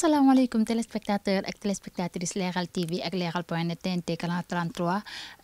asalaamaaleykum téléspectateur ak téléspectatrice Leral TV ak Leral point net TNT canal 33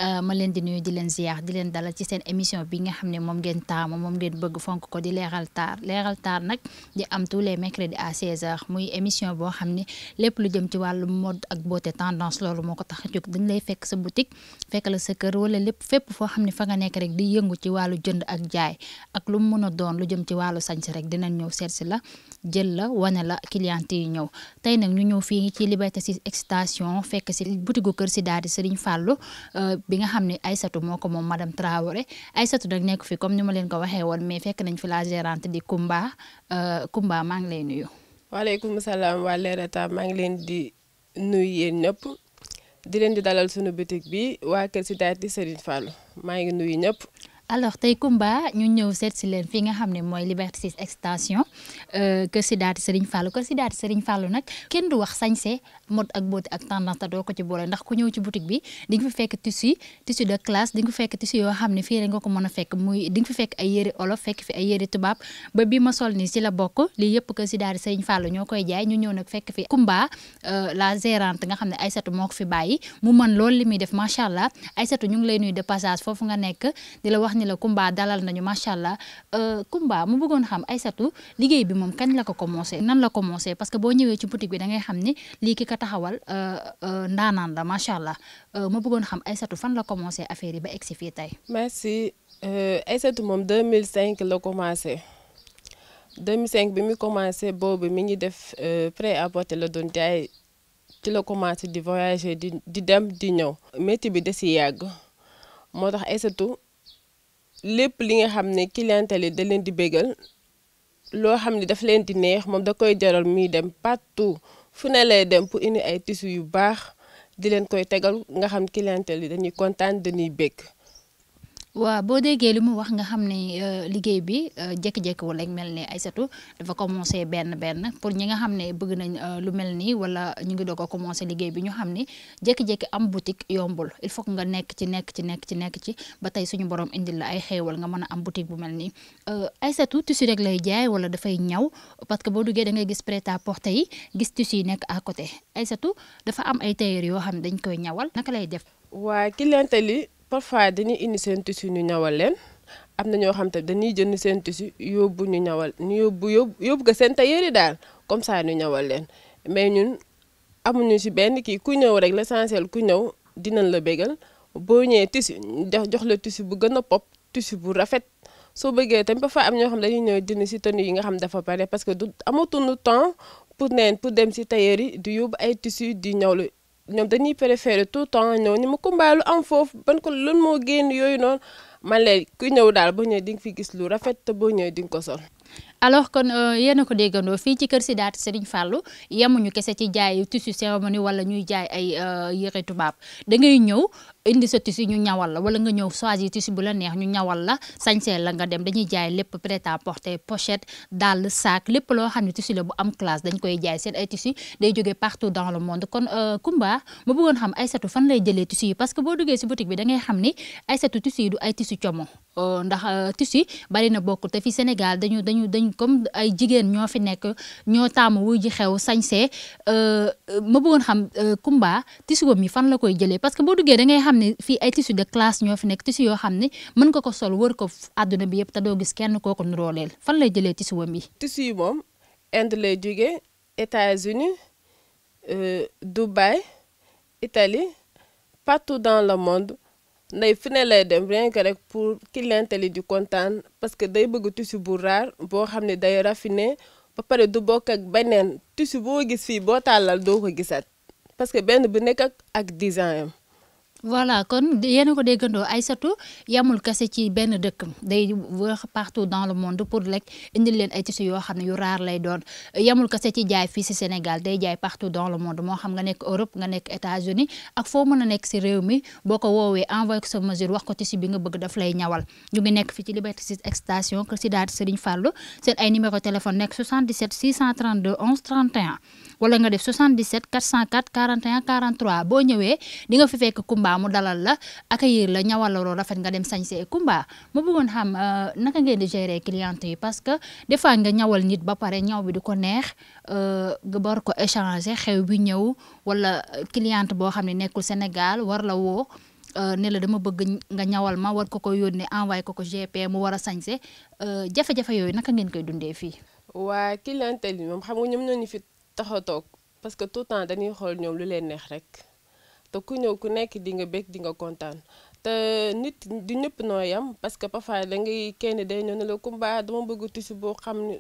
euh, ma leen di nuyu di leen ziar di leen dalal ci seen émission bi nga xam ne moom ngeen taamu moom ngeen bëgg fonk ko di Leral Tar Leral Tar nag di am tous les mercredis à 16h muy émission boo xam ne lépp lu jëm ci wàllu mode ak boote tendance loolu moo ko tax a jóg dañ lay fekk sa boutique fekk la sa kër wala lépp fépp foo xam ne fa nga nekk rek di yëngu ci wàllu jënd ak jaay ak lu mu mën a doon lu jëm ci wàllu sañse rek dinañ ñëw seet si la jël la wane la client yi ñëw tey nag ñu ñëw fii ngi ci Liberté 6 extension fekk si butiku kër si daal di Serigne Fallou euh, bi nga xam ne Aïssatou moo ko moom madame ay Aïssatou nag nekk fii comme ni ma leen ko waxee woon mais fekk nañ fi la gérante di Kumba euh, Kumba maa ngi lay nuyu. waaleykum salaam waa Leral maa ngi leen di nuyu yéen ñëpp di leen di dalal sunu boutique bi waa kër si daal di Serigne Fallou maa ngi nuyu ñëpp. alors tey Kumba ñu ñëw seet si leen fii nga xam ne mooy Liberté 6 extension euh, kër si daati Serigne Fallou kër si daati Serigne Fallou nag kenn du wax sañse mode ak boot ak tendance te doo ko ci boole ndax ku ñëw ci boutique bi di fekk tissu tissu de classe di nga fi fekk tissu yoo xam ne fii rek nga ko mën a fekk muy di nga fekk ay yére olof fekk fi ay yére tubaab ba bi ma sol nii si la bokk lii yëpp kër si daati Serigne Fallou ñoo koy jaay ñu ñëw nag fekk fi Kumba euh, la gérante nga xam ne Aïssatou moo ko fi bàyyi mu man loolu li muy def macha allah Aïssatou ñu ngi lay nuyu de passage foofu nga nekk di la wax wax ni la Kumba dalal nañu macha allah euh, Kumba mu bëggoon xam Aysatu liggéey bi moom kañ la ko commencé nan la commencé parce que boo ñëwee ci boutique bi da ngay xam ni lii ki ko taxawal euh, euh, ndaanaan la macha allah mu bëggoon xam Aysatu fan la commencé affaire yi ba egg si fii tey. merci Aysatu moom 2005 la commencé. 2005 bi mu commencé boobu mi ngi def prêt-à-porter la doon jaay ci la commencé di voyager di di dem di ñëw métier bi da lépp li nga xam ne clientèle yi da leen di bégal loo xam ne daf leen di neex moom da koy jaral muy dem partout fu ne lay dem pour indi ay tissus yu baax di leen koy tegal nga xam clientèle yi dañuy kontaan dañuy bég waaw boo déggee li mu wax nga xam ne euh, liggéey bi euh, jékki-jékki wala mel ni ay Aysatu dafa commencé benn benn pour ñi nga xam ne bëgg nañ euh, lu mel nii wala ñu ngi doog a commencé liggéey bi ñu xam ne jékki-jékki am boutique yombul il faut nga nekk ci nekk ci nekk ci nekk ci ba tey suñu borom indil la ay xéewal nga mën a am boutique bu mel nii Aysatu tissu rek lay jaay wala dafay ñaw parce que boo duggee da ngay gis prêt à tey yi gis tissu yi nekk à côté Aysatu dafa am ay tailleur yoo xam ne dañ koy ñawal naka lay def. parfois dañuy indi seen tissu ñu ñawal leen am na ñoo xam te dañuy jënd seen tissu yóbbu ñu ñawal ñu yóbbu yóbbu yóbbu ko seen tailleur daal comme saa ñu ñawal leen mais ñun amuñu ci benn kii ku ñëw rek l'essentiel ku ñëw dinañ la bégal boo ñëwee tissu jox la tissu bu gën a pop tissu bu rafet soo bëggee tamit parfois am ñoo xam dañuy ñëw jënd si tenue yi nga xam dafa pare parce que du amatuñu temps pour neen pour dem ci tailleur yi di yóbbu ay tissu di ñawlu ñoom dañuy préféré tout temps ñëw ni ma Coumba lu am foofu ban ko lan moo génn yooyu noonu man léegi ku ñëw daal boo ñëwee di nga fi gis lu rafet te boo ñëwee di nga ko sol. alors kon euh, yéen a ko déggandoo fii ci kër si daat Serigne Fallou yemuñu kese ci jaay tissu cérémonie wala ñuy jaay ay euh, yëre tubaab da ngay ñëw indi sa tissu ñu ñawal la wala nga ñëw choisir tissu bu la la sañsee la dem dañuy jaay lépp prêt à porter pochette dàll sac lépp loo xam ne tissu la bu am classe dañ koy jaay seen ay tissu day jógee partout dans le monde kon euh, Kumba ma bëggoon xam Aysatu fan lay jëlee tissu yi parce que boo duggee si boutique bi da ngay xam ni euh, euh, bari na bokkul te fi Sénégal dañu dañu dañ comme ay jigéen ñoo fi nekk ñoo taamu ma bëggoon xam Kumba tissu boobu mi fan la koy jëlee parce que boo duggee da xam ne fii ay tissu de classe ñoo fi nekk tissu yoo xam ne mën nga ko sol wër ko àdduna bi yëpp te doo gis kenn ko nurooleel fan lay jëlee tissu wam yi. tissu yi moom Inde lay jógee États-Unis euh, Dubaï itali partout dans le monde nday fine ne lay dem rien que rek pour clientèle yi di kontaan parce que day bëgg tissu bu rare boo xam ne day raffiné ba pare du bokk ak beneen tissu boo gis fii boo tàllal doo ko gisaat parce que benn bu nekk ak ak design am voilà kon yéen a ko déggandoo Aïssatou yamul kase ci benn dëkk day wax partout dans le monde pour lekk indi leen ay tissu yoo xam ne yu raar lay doon yamul kese ci jaay fii si Sénégal day jaay partout dans le monde moo xam nga nekk Europe nga nekk États-Unis ak foo mën a nekk si réew mi boo ko woowee envoyé ko sa mesure wax ko tissu bi nga bëgg daf lay ñawal ñu ngi nekk fii ci Liberté 6 extension Kër Sidaat Serigne Fallou seen ay numéro téléphone nekk 77 632 11 31 wala nga def 77 404 41 43 boo ñëwee di nga fi fekk Kumba mu dalal la accueillir la ñawal la loolu rafet nga dem sañse Kumba mu bëggoon xam euh, naka ngeen di gérer cliente yi parce que des nga ñawal nit ba pare ñaw bi di ko neex euh, nga bar ko échanger xew bi ñëw wala cliente boo xam ne nekkul Sénégal war la woo euh, ne la dama bëgg nga ñawal ma war ko ko yónnee envoyé ko ko GP mu war a sañse jafe-jafe yooyu naka ngeen koy dundee fii. waa clientèle bi moom nga ñoom ñoo tax a toog parce que tout le dañuy xool ñoom lu leen neex rek te ku ñëw ku nekk di nga bëgg di nga kontaan te nit di ñëpp noo yam parce que parfois da ngay kenn day ñëw ne la Coumba dama bëgg tissu boo xam ne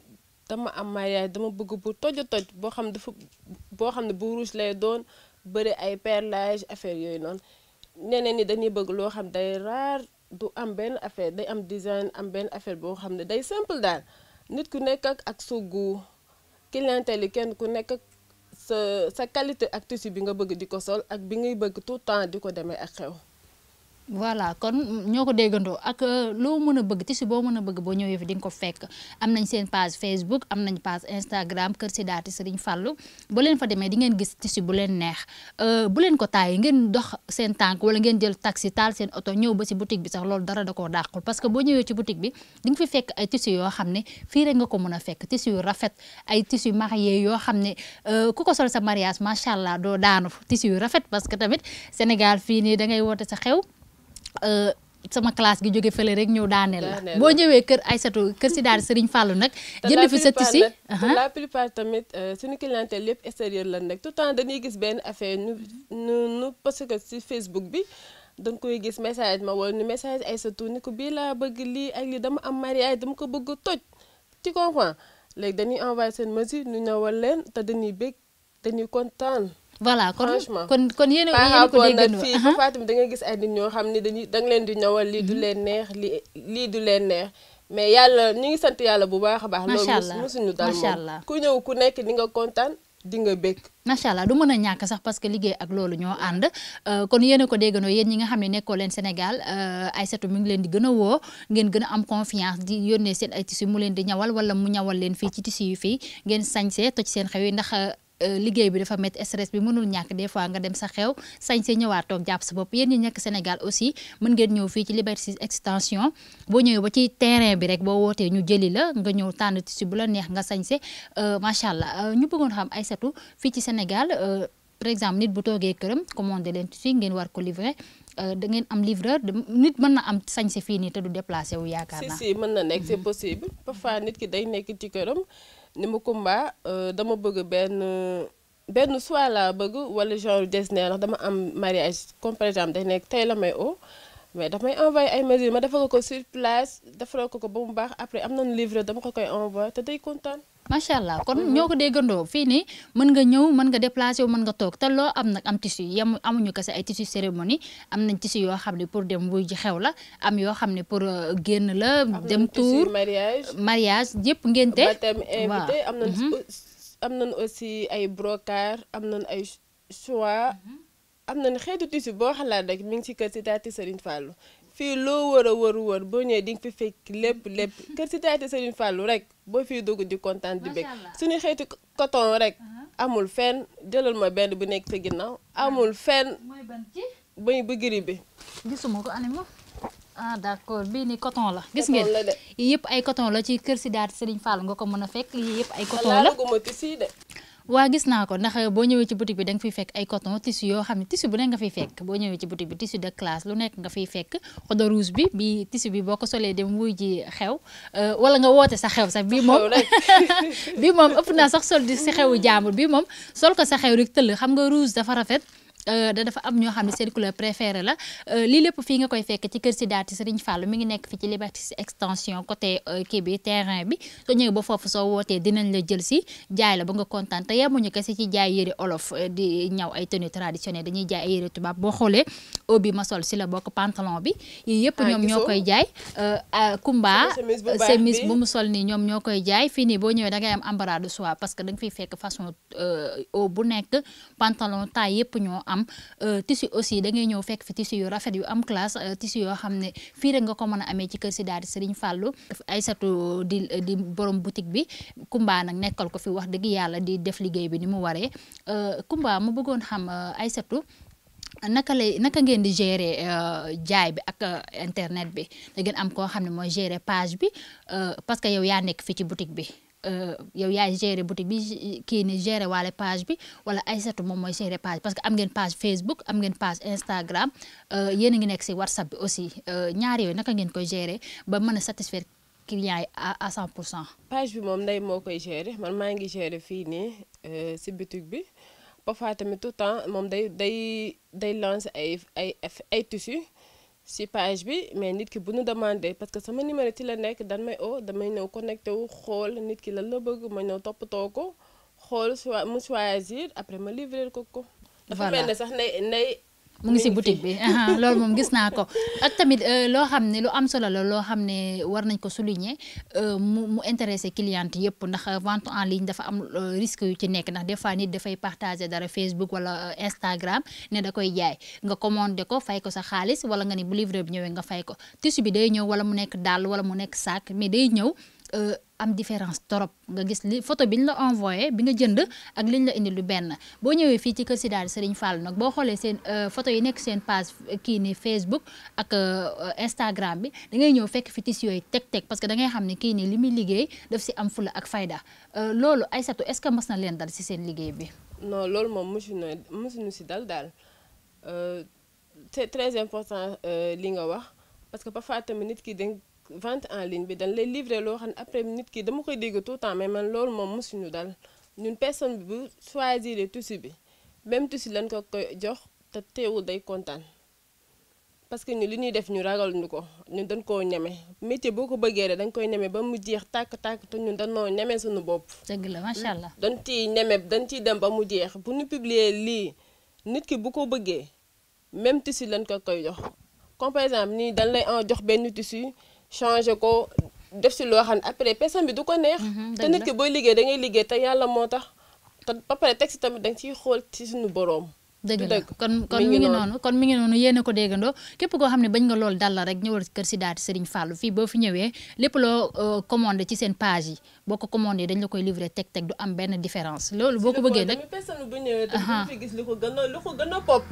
dama am mariage dama bëgg bu toj toj boo xam dafa boo xam ne bu rouge doon bëri ay perlage affaire yooyu noonu ñeneen ñi dañuy bëgg loo xam day raar du am benn affaire day am design am benn affaire boo xam ne day simple daal nit ku nekk ak ak sa clientèle yi kenn ku nekk sa sa qualité ak tissu bi nga bëgg di ko sol ak bi ngay bëgg tout temps di ko demee ak xew voilà kon ñoo ko déggandoo ak euh, loo mën a bëgg tissu boo mën a bëgg boo ñëwee fi di nga ko fekk am nañ seen page Facebook am nañ page Instagram Kër Sidaati Serigne Fallou boo leen fa demee di ngeen gis tissu bu leen neex euh, bu leen ko taayee ngeen dox seen tànk wala ngeen jël taxi taal seen oto ñëw ba si boutique bi sax loolu dara da koo dàqul parce que boo ñëwee ci boutique bi di nga fekk ay tissu yoo xam ne fii nga ko mën a fekk tissu yu rafet ay tissu marié yoo xam ne euh, ku ko sol sa mariage macha allah doo daanu tissu yu rafet parce que tamit Sénégal fii nii da ngay woote sa xew. Euh, sama classe gi jóge fële rek ñëw daaneel la boo ñëwee kër Aïssatou kër si daal Serigne Fallou nag jënd fi sa tissu la tamit euh, suñu clientèle yëpp extérieur lan rek tout temps dañuy gis benn affaire nu nu nu parce que si Facebook bi dañ koy gis message ma wala nu message Aïssatou ni ko bii laa bëgg lii ak lii dama am mariage dama ko bëgg toj ci comprends léegi dañuy envoyé seen mesure ñu ñëwal leen te dañuy bég dañuy kontaan voilà kon kon kon yéen a yéen a ko déggandoo fii Fatim da nga gis ay nit ñoo xam ne dañuy da nga leen di ñëwal lii mhm. leen neex lii du leen neex mais yàlla ñu ngi sant yàlla bu baax a baax. macha allah loolu mosuñu dal moom ku ñëw ku nekk di nga kontaan di nga bëgg. macha allah du mën a ñàkk sax parce que liggéey ak loolu ñoo ànd euh, kon yéen a ko déggandoo yéen ñi nga xam ne nekkoo leen Sénégal euh, Aïssatou mi ngi leen di gën a woo ngeen gën am confiance di yónnee seen ay tissu mu leen di ñawal wala mu ñawal leen fii ci tissu yi fii ngeen sañsee toj seen xew yi ndax euh, Euh, liggéey bi dafa métti stress bi mënul ñàkk des fois nga dem sa xew sañ see ñëwaat toog jàpp sa bopp yéen ñi nekk Sénégal aussi mën ngeen ñëw fii ci Liberté 6 extension boo ñëwee ba ci terrain bi rek boo wootee ñu jëli la nga ñëw tànn tissu bu la neex nga sañ see euh, macha allah euh, ñu bëggoon xam ay Aïssatou fii ci Sénégal par exemple nit bu toogee këram de leen tissu ngeen war ko livrer da ngeen am livreur nit mën na am sañ see fii nii te du déplacé wu yaakaar na nekk c'est mhm. possible parfois ni ma Kumba euh, dama bëgg benn benn soit laa bëgg wala genre Disney ndax dama am mariage comme par day nekk tey la may o mais daf may envoyé ay mesures ma defal ko ko sur defal ko ko ba mu baax après am nañu livre dama ko koy envoyé te day kontaan. macha allah kon mhm. ñoo ko déggandoo fii nii mën nga ñëw mën nga déplacé wu mën nga toog te loo am nag am tissu yam amuñu kese ay tissu cérémonie am nañ tissu yoo xam ne pour dem wuy ji xew la am yoo xam ne pour euh, génn la. dem tour mariage mariage yëpp ngénte. waaw am nañ mhm. am nañ aussi ay brocart am nañ ay soie mhm. am nañ xeetu tissu boo xalaat rek mi ngi ci kër si taati Serigne Fallou fii loo wër a wër wër boo ñëwee di nga fi fekk lépp lépp kër si daayte Serigne Fallou rek boo fii dugg di kontaan di bég suñu xeeti coton rek uh-huh. amul fenn jëlal ma benn bi nekk sa ginnaaw amul fenn bañ bu giri bi gisuma ko anima ah d' accord bii ni coton la gis ngeen yii yëpp ay coton la ci kër si daayte Serigne Fallou nga ko mën a fekk yii yëpp ay coton la waa gis naa ko ndax eh, boo ñëwee ci boutique bi da nga fiy fekk ay coton tissu xam ne tissu bu nekk nga fiy fekk boo ñëwee ci boutique bi tissu de classe lu nekk nga fiy fekk xodo bi bi tissu bi boo ko solee dem wuy ji xew eh, wala nga woote sa xew sax bii moom bii moom ëpp naa sax sol di si xewu jaambur bii moom sol ko sa xew rek tëll xam nga rouge dafa rafet Euh, da dafa am ñoo xam ne seen couleur préférée la euh, lii lépp fii nga koy fekk ci kër si daati Serigne Fallou mi ngi nekk fi ci Liberté extension côté euh, kii bi terrain bi soo ñëwee ba foofu soo wootee dinañ la jël jaay la ba nga kontaan te yemuñu ah, ñoo fii nii boo ñëwee da ngay am am euh, tissu aussi da ngay ñëw fekk fi tissu yu rafet yu am classe euh, tissu yoo xam ne fii rek nga ko mën a amee ci kër si daal di Serigne Fallou Aysatu di di borom boutique bi Kumba nag nekkal ko fi wax dëgg yàlla di def liggéey bi ni mu waree euh, Kumba mu bëggoon xam ay Aysatu naka lay naka ngeen di gérer jaay bi ak internet bi da ngeen am koo xam ne mooy gérer page bi parce que yow yaa nekk fii ci boutique bi. yow yaay gérer boutique bi kii ni gere waale page bi wala Aïssatou moom mooy gérer page parce que am ngeen page Facebook am ngeen page Instagram euh, yéen a ngi nekk si WhatsApp bi aussi euh, ñaari yooyu naka ngeen koy gere ba mën a satisfaire client yi à à 100 pour cent. page bi moom nday moo koy gérer man maa ngi gérer fii nii euh, si boutique bi parfois tamit tout temps moom day day day lancer ay ay ay tissus. si page bi mais nit ki bu ñu demandé parce que sama numéro ci la nekk dan may oo damay ñëw connecté wu xool nit ki lan la bëgg ma ñëw toppatoo ko xool mu choisir après ma livrer ko ko. dafa mel ne sax nay nay mu ngi si boutique bi loolu moom gis naa ko ak tamit euh, loo xam ne lu am solo la loo xam ne war nañ ko souligner euh, mu mu intéressé client yëpp ndax vente en ligne dafa am euh, risque yu ci nekk ndax des fois nit dafay partager dara Facebook wala Instagram ne da koy jaay nga commandé ko fay ko sa xaalis wala nga ni bu livre bi ñëwee nga fay ko tissu bi day ñëw wala mu nekk dàll wala mu nekk sac mais day ñëw am différence torop nga gis li photo bi ñu la envoyé bi nga jënd ak li ñu la indi lu benn boo ñëwee fii ci kër si daal Serigne Fall nag boo xoolee seen euh, photo yi nekk seen page euh, kii ni Facebook ak euh, Instagram bi da ngay ñëw fekk fi tissu yooyu teg-teg parce que da ngay xam ne kii nii li muy liggéey daf si am fula ak fayda loolu Aïssatou est-ce que mës na leen dal si seen liggéey bi. non loolu moom mosu na mosu ñu si dal daal c'est très important li nga wax parce que parfois tamit nit vente en ligne bi dañ lay livrer loo xam ne après nit ki dama koy dégg tout le temps mais man loolu moom mosuñu dal ñun personne bi bu choisir tissu bi même tissu lañ ko koy jox te teewul day kontaan parce que ñu li ñuy def ñu ragal ñu ko ñun dañ koo ñeme métier boo ko bëggee rek dañ koy ñeme ba mu jeex tàkk-tàkk te ñun dañoo ñeme suñu bopp. dëgg la macha allah dañ ciy ñeme dañ ciy dem ba mu jeex bu ñu publier lii nit ki bu ko bëggee même tissu lañ ko koy jox comme par exemple nii dañ jox benn tissu. changer ko def si loo xam ne après personne bi du ko neex. Mhm, te nit ki liggéey da ngay liggéey te yàlla moo tax te ba pare teg si tamit da nga ciy xool ci suñu boroom. dëgg la kon kon mi ngi noonu kon mi ngi noonu yéen ko déggandoo képp koo xam ne bañ nga loolu dal la rek ñëwal kër si daati Serigne Fallou fii boo fi ñëwee lépp loo euh, commandé ci seen page yi boo ko commandé dañ la koy livré teg teg du am benn différence loolu boo ko bëggee nag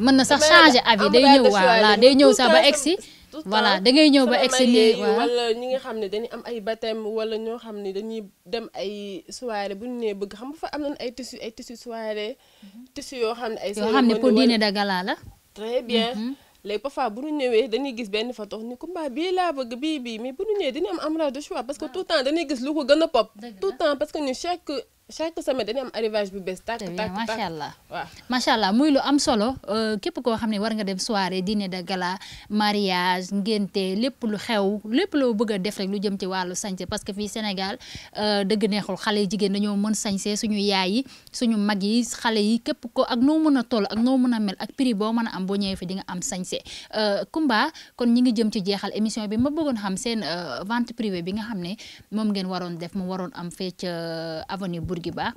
mën na sax changer avis day ñëw voilà day ñëw sax ba egsi voilà da ngay ñëw ba egg si wala ñi nga xam ne dañuy am ay baptême wala ñoo xam ne dañuy dem ay soirée bu ñu nee bëgg xam nga fa am na ay tissu ay tissu soirée. Mhm. tissu yoo xam ne ay. yoo xam ne pour dîner de gala la. très bien mhm. léegi parfois bu ñu ñëwee dañuy gis benn photo ni ko mbaa bii bëgg bii bii mais bu ñu ñëwee dañuy am embarras de choix parce que ah. tout temps dañuy gis lu ko pop. tout temps parce que ñu chaque chaque semaine dañuy am arrivage bu bees. tàkk eh tàkk macha allah waaw macha allah muy lu am solo euh, képp koo xam ne war nga dem soirée dine de gala mariage ngénte lépp lu xew lépp loo bëgg a def rek lu jëm ci wàllu sañse parce que fii Sénégal euh, dëgg neexul xale yi jigéen dañoo mën sañse suñu yaay yi suñu mag yi xale yi képp ko ak noo mën a toll ak noo mën a mel ak prix boo mën a am boo ñëwee fi di nga am sañse euh, Kumba kon ñi ngi jëm ci jeexal émission bi ma bëggoon xam seen vente privée bi nga xam ne moom ngeen waroon def mu waroon am fee ca avenue Bourguiba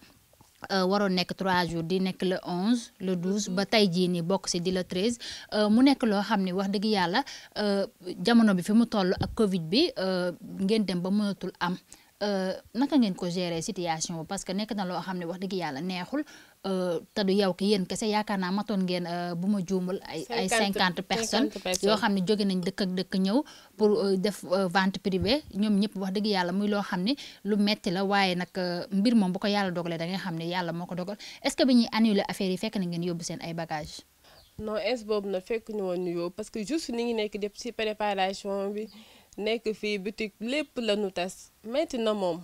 euh, waroon nekk trois jours di nekk le 11 le 12 ba tey jii nii bokk si di le 13 euh, mu nekk loo xam ni wax dëgg yàlla euh, jamono bi fi mu toll ak Covid bi ngeen dem ba mënatul am. Euh, naka ngeen ko gérer situation parce que nekk na loo xam ne wax dëgg yàlla neexul euh, te du yow ki yéen kese yaakaar naa matoon ngeen euh, bu ma juumul ay ay cinquante personnes yoo xam ne jóge nañ dëkk ak dëkk ñëw pour def vente privée ñoom ñëpp wax dëgg yàlla muy loo xam ne lu metti la waaye nag mbir moom bu ko yàlla dogalee da nga xam ne yàlla moo ko dogal est-ce que bi ñuy annuler affaire yi fekk na ngeen yóbbu seen ay bagages non est boobu nag fekk ñu woon yóbbu nekk fii boutique lépp la nu tas metti na moom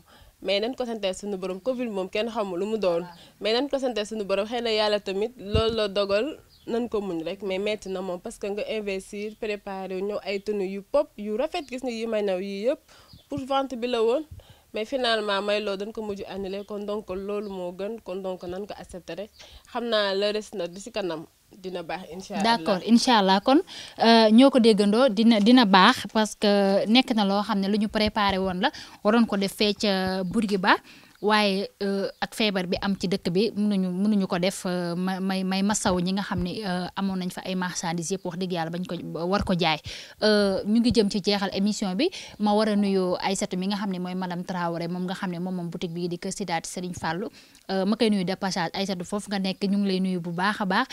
mais dan ko santeel suñu borom Covid moom kenn xamul lu mu doon mais nañ ko santeel suñu borom xëy na yàlla tamit loolu la dogal nañ ko muñ rek mais metti na moom parce que nga investir préparer ñëw ay tenue yu pop yu rafet gis nga yi may naw yii yëpp pour vente bi la woon mais finalement may lool dañ ko mujj annulé kon donc loolu moo gën kon donc nañ ko accepté rek xam naa le reste na di si kanam. dina baax incha allah d' accord incha allah kon euh, ñoo ko déggandoo dina dina baax parce que nekk na loo xam ne lu ñu préparé woon la waroon ko def fee ca ba waaye euh, ak feebar bi am ci dëkk bi mënuñu mënuñu ko def euh, ma may may masaw ñi nga xam ne euh, amoon nañ fa ay marchandises yëpp wax dëgg yàlla bañ ko war ko jaay ñu ngi jëm ci jeexal émission bi ma war a nuyu Aïssatou mi nga xam ne mooy madame Traoré moom nga xam ne moom moom boutique bii di Kër Sidaat Serigne Fallou ma koy nuyu de passage foofu nga nekk ñu ngi lay nuyu bu baax a baax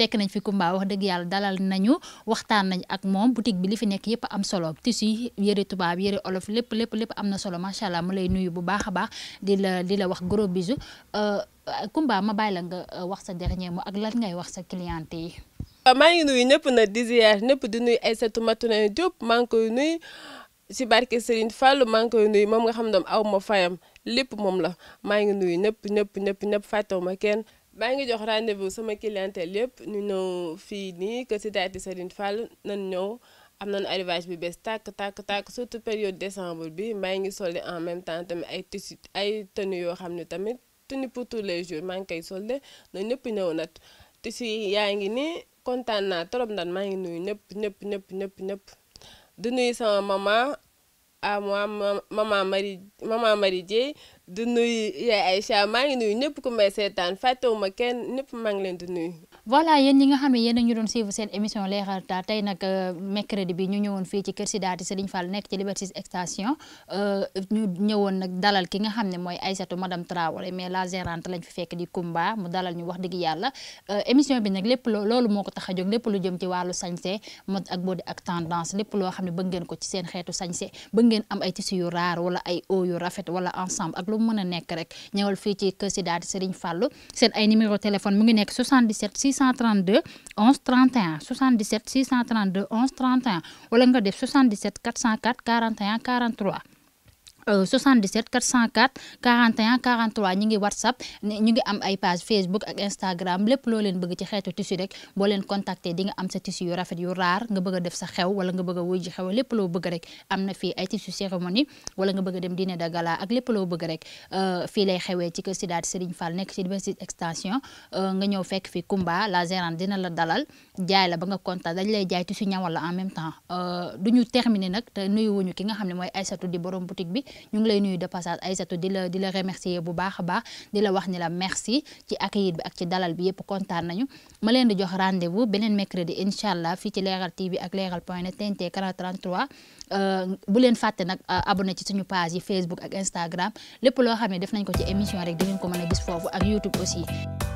fekk nañ fi Kumba wax dëgg yàlla dalal nañu waxtaan nañ ak moom boutique bi li fi nekk yëpp am solo tissu yëre tubaab yëre olof lépp lépp lépp am na solo macha allah ma lay nuyu bu baax a baax di la wax gros bisou euh, Kumba ma bàyyi la nga euh, wax sa dernier mot ak lan wax sa yi. Euh, maa ngi nuy ñëpp na di ziar ñëpp di nuyu Aïssatou Matouna Diop maa ngi koy nuyu si barke Serigne Fallou maa ngi koy nuyu moom nga xam ne aw ma fayam lépp moom la maa ngi nuyu ñëpp ñëpp ñëpp ñëpp fàttewuma kenn. maa ngi jox rendez-vous sama clientèle yëpp ñu ñëw fii nii que si daati Serigne Fall nan ñëw. am nañu arrivage bi bees tàkk tàkk tàkk surtout période décembre bi maa ngi solde en même temps tamit ay tissu ay tenue yoo xam ne tamit tenue pour les jours maa ngi koy solde na ñëpp ñëw nag tissu yaa ngi ni kontaan naa trop nag maa ngi nuyu nëpp ñëpp ñëpp ñëpp nëpp di nuyu sama maman à moi maman Marie maman Marie Dieye di nuyu yaay maa ngi nuyu ñëpp ku may seetaan fàttewuma kenn ñëpp maa ngi leen di nuyu voilà yéen ñi nga xam ne yéen ñu doon suivre seen émission leeral taa tey nag euh, mercredi bi ñu ñëwoon fii ci kër Sidaati Serigne Fall nekk euh, nag dalal ki nga xam ne mooy Aïssatou madame Traoré mais la gérante lañ fekk di Kumba mu dalal ñu wax dëgg yàlla euh, émission bi nag lépp loolu moo ko tax a jóg lépp lu jëm ci wàllu sañse mode ak body ak tendance lépp loo xam ne bëgg ngeen ko ci seen xeetu sañse bëgg ngeen am ay tissu yu raar wala ay eau yu rafet wala ensemble ak lu mu mën a nekk rek ñëwal fii ci kër Sidaati Serigne Fall seen ay numéro mu ngi 632 11 31 77 632 11 31 wala nga def 77 404 41 43. 77 404 41 43 ñu ngi whatsapp ñu ngi am ay page facebook ak instagram lépp loo leen bëgg ci xeetu tissu rek boo leen contacter di nga am sa tissu yu rafet yu raar nga bëgg a def sa xew wala nga bëgg ji xew lépp loo bëgg rek am na fii ay tissu nga bëgg dem dine de gala ak lépp loo bëgg rek euh, fi lay xewee ci kër Sidaat Serigne Fall nekk ci diversité extension euh, nga ñëw fekk fi Kumba la gérante dina la dalal jaay la ba nga kontaan dañ lay jaay tissu ñawal la en même temps euh, du ñu terminer nag te nuyuwuñu ki nga xam ne mooy Aïssatou di borom boutique bi ñu ngi lay nuyu de passage Aïssatou di la di la remercier bu baax a baax di la wax ni la merci ci accueil bi ak ci dalal bi yëpp kontaan nañu ma leen di jox rendez-vous beneen mercredi incha allah fii ci Leral TV ak Leral point net TNT 433 euh, bu leen fàtte nag euh, abonné ci suñu page yi Facebook ak Instagram lépp loo xam ne def nañ ko ci émission rek di ngeen ko mën a gis foofu ak YouTube aussi